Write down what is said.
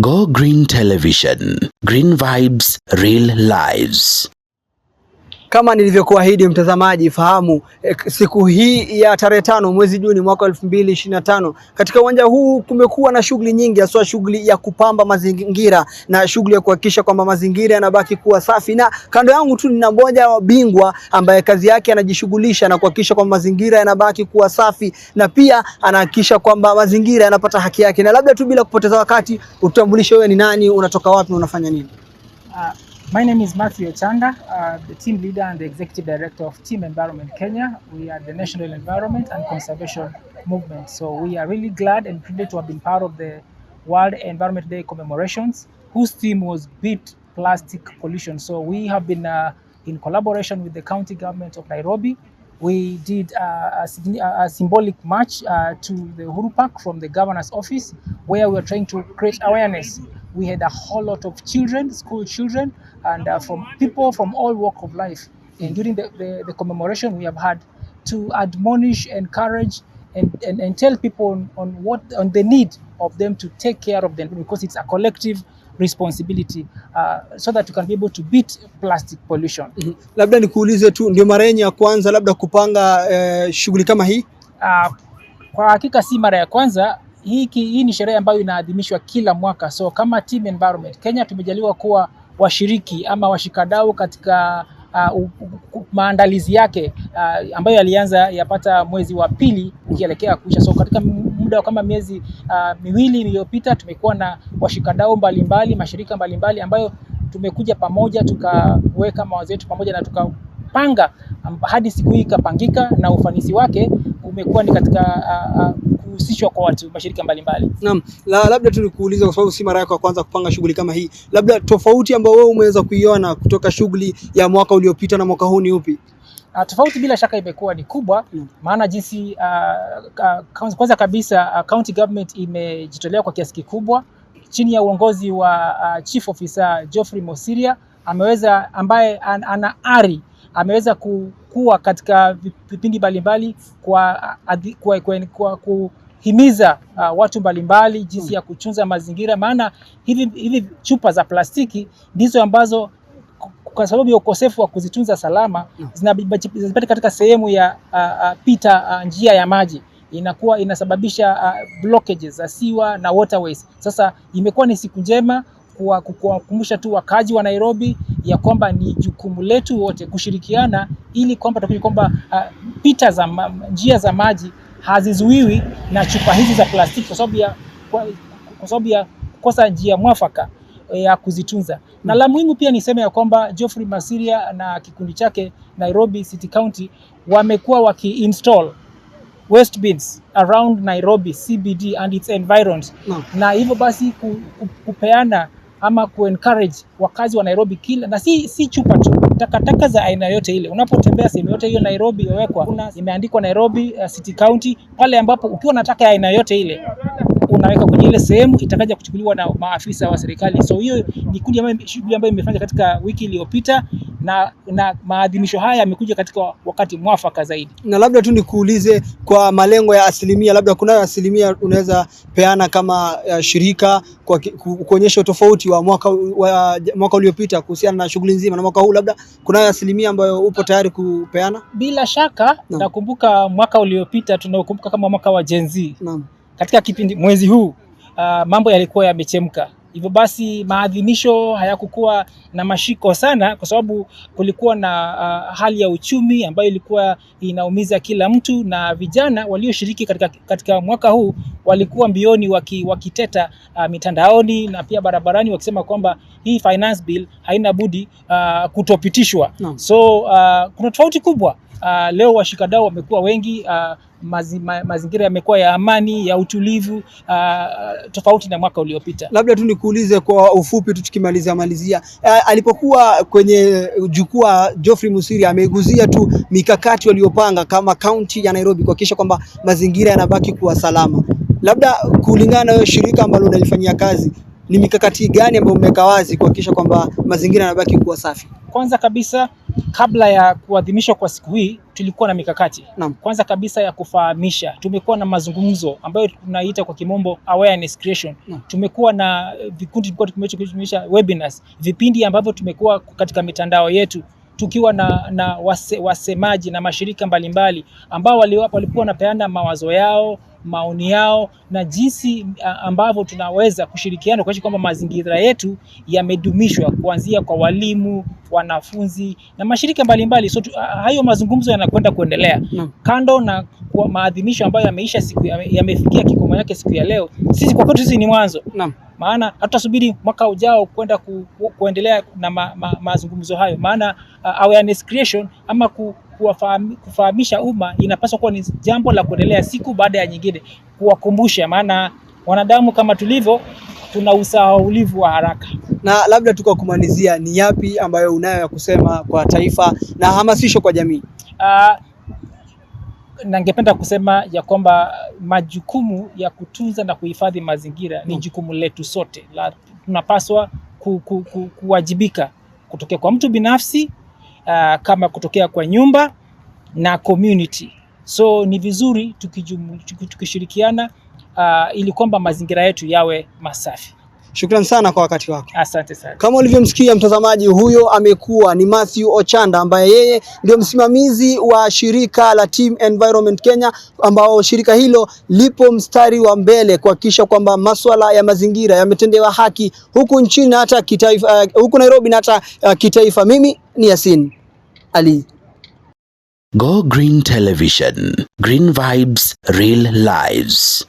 Go Green Television. Green Vibes, Real Lives. Kama nilivyokuahidi mtazamaji, fahamu e, siku hii ya tarehe tano mwezi Juni mwaka elfu mbili ishirini na tano katika uwanja huu kumekuwa na shughuli nyingi, haswa shughuli ya kupamba mazingira na shughuli ya kuhakikisha kwamba mazingira yanabaki kuwa safi, na kando yangu tu nina mmoja wa bingwa ambaye kazi yake anajishughulisha na kuhakikisha kwamba mazingira yanabaki kuwa safi na pia anahakikisha kwamba mazingira yanapata haki yake. Na labda tu bila kupoteza wakati, utambulishe wewe ni nani, unatoka wapi na unafanya nini? Ah. My name is Matthew Ochanga, uh, the team leader and the executive director of Team Environment Kenya. We are the National Environment and Conservation Movement. So we are really glad and privileged to have been part of the World Environment Day commemorations, whose theme was Beat Plastic Pollution. So we have been uh, in collaboration with the county government of Nairobi. We did uh, a, a, symbolic march uh, to the Huru Park from the governor's office, where we are trying to create awareness we had a whole lot of children, school children, and uh, from people from all walk of life. And during the, the, the, commemoration, we have had to admonish, encourage, and, and, and tell people on, on what on the need of them to take care of them because it's a collective responsibility uh, so that you can be able to beat plastic pollution. Mm -hmm. Labda nikuulize tu, ndio mara yenye ya kwanza labda kupanga eh, shughuli kama hii? Uh, kwa hakika si mara ya kwanza hii, hii ni sherehe ambayo inaadhimishwa kila mwaka. So kama Team Environment Kenya tumejaliwa kuwa washiriki ama washikadau katika uh, maandalizi yake uh, ambayo yalianza yapata mwezi wa pili ukielekea kuisha. So katika muda kama miezi uh, miwili iliyopita tumekuwa na washikadau mbalimbali, mashirika mbalimbali ambayo tumekuja pamoja tukaweka mawazo yetu pamoja na tukapanga hadi siku hii ikapangika, na ufanisi wake umekuwa ni katika uh, uh, kuhusishwa kwa watu mashirika mbalimbali. Naam, la, labda tu nikuuliza kwa sababu si mara yako ya kwanza kupanga shughuli kama hii, labda tofauti ambayo wewe umeweza kuiona kutoka shughuli ya mwaka uliopita na mwaka huu ni upi? Uh, tofauti bila shaka imekuwa ni kubwa mm. Maana jinsi uh, uh, kwanza kabisa uh, county government imejitolea kwa kiasi kikubwa chini ya uongozi wa uh, chief officer Geoffrey Mosiria ameweza ambaye an, ana ari ameweza kukua katika vipindi mbalimbali kwa, kwa, kwa, kwa, kwa, kwa himiza uh, watu mbalimbali jinsi ya kuchunza mazingira, maana hivi, hivi chupa za plastiki ndizo ambazo kwa sababu ya ukosefu wa kuzitunza salama zinapata katika sehemu ya uh, uh, pita uh, njia ya maji inakuwa inasababisha uh, blockages za siwa na waterways. Sasa imekuwa ni siku njema kuwakumbusha tu wakaji wa Nairobi ya kwamba ni jukumu letu wote kushirikiana ili kwamba tukie kwamba uh, pita za njia za maji hazizuiwi na chupa hizi za plastiki kwa sababu ya, kwa, sababu ya kukosa njia mwafaka eh, ya kuzitunza na la muhimu pia niseme ya kwamba Geoffrey Masiria na kikundi chake Nairobi City County wamekuwa wakiinstall waste bins around Nairobi CBD and its environs no. na hivyo basi ku, ku, kupeana ama kuencourage wakazi wa Nairobi kila na si, si chupa tu takataka za aina yote ile. Unapotembea sehemu yote hiyo Nairobi, imewekwa imeandikwa Nairobi uh, City County pale ambapo ukiwa nataka aina yote ile unaweka kwenye ile sehemu itakaja kuchukuliwa na maafisa wa serikali. So hiyo ni kundi ambayo shughuli ambayo imefanya katika wiki iliyopita na, na maadhimisho haya yamekuja katika wakati mwafaka zaidi. Na labda tu nikuulize kwa malengo ya asilimia, labda kunayo asilimia unaweza peana kama uh, shirika kwa kuonyesha utofauti wa mwaka, wa, mwaka uliopita kuhusiana na shughuli nzima na mwaka huu, labda kunayo asilimia ambayo upo tayari kupeana? Bila shaka Nakumbuka mwaka uliopita tunaokumbuka kama mwaka wa Gen Z. Naam katika kipindi mwezi huu uh, mambo yalikuwa yamechemka, hivyo basi maadhimisho hayakukuwa na mashiko sana, kwa sababu kulikuwa na uh, hali ya uchumi ambayo ilikuwa inaumiza kila mtu, na vijana walioshiriki katika, katika mwaka huu walikuwa mbioni waki, wakiteta uh, mitandaoni na pia barabarani wakisema kwamba hii finance bill haina budi uh, kutopitishwa no. So uh, kuna tofauti kubwa Uh, leo washikadau wamekuwa wengi uh, mazi, ma, mazingira yamekuwa ya amani ya utulivu uh, tofauti na mwaka uliopita. Labda tu nikuulize kwa ufupi tu tukimalizia malizia, uh, alipokuwa kwenye jukwaa Geoffrey Musiri ameiguzia tu mikakati waliopanga kama kaunti ya Nairobi kuhakikisha kwamba mazingira yanabaki kuwa salama. Labda kulingana na shirika ambalo unalifanyia kazi ni mikakati gani ambayo mmeweka wazi kuhakikisha kwamba mazingira yanabaki kuwa safi? Kwanza kabisa Kabla ya kuadhimishwa kwa siku hii tulikuwa na mikakati na. Kwanza kabisa ya kufahamisha, tumekuwa na mazungumzo ambayo tunaita kwa kimombo awareness creation. Tumekuwa na eh, vikundi, tulikuwa tumesha webinars, vipindi ambavyo tumekuwa katika mitandao yetu tukiwa na, na wase, wasemaji na mashirika mbalimbali ambao walikuwa wanapeana mawazo yao maoni yao na jinsi ambavyo tunaweza kushirikiana kuhakikisha kwamba mazingira yetu yamedumishwa, kuanzia kwa walimu, wanafunzi na mashirika mbalimbali mbali. So hayo mazungumzo yanakwenda kuendelea no. Kando na kwa maadhimisho ambayo yameisha siku yamefikia ya kikomo yake siku ya leo, sisi kwa kwetu sisi ni mwanzo no. Maana hatutasubiri mwaka ujao kwenda ku, ku, kuendelea na ma, ma, mazungumzo hayo, maana uh, awareness creation ama ku, kufahamisha umma inapaswa kuwa ni jambo la kuendelea siku baada ya nyingine, kuwakumbusha. Maana wanadamu kama tulivyo, tuna usahaulivu wa haraka. Na labda tu kwa kumalizia, ni yapi ambayo unayo ya kusema kwa taifa na hamasisho kwa jamii? Uh, ah, na ningependa kusema ya kwamba majukumu ya kutunza na kuhifadhi mazingira hmm, ni mm. jukumu letu sote la tunapaswa ku, ku, ku, kuwajibika kutokea kwa mtu binafsi uh, kama kutokea kwa nyumba na community. So ni vizuri tukishirikiana uh, ili kwamba mazingira yetu yawe masafi. Shukrani sana kwa wakati wako. Asante sana. Kama ulivyomsikia mtazamaji, huyo amekuwa ni Matthew Ochanda ambaye yeye ndio msimamizi wa shirika la Team Environment Kenya, ambao shirika hilo lipo mstari wa mbele kuhakikisha kwamba masuala ya mazingira yametendewa haki huku nchini na hata kitaifa, uh, huku Nairobi na hata uh, kitaifa. Mimi ni Yasin Ali. Go Green Television. Green vibes, real lives.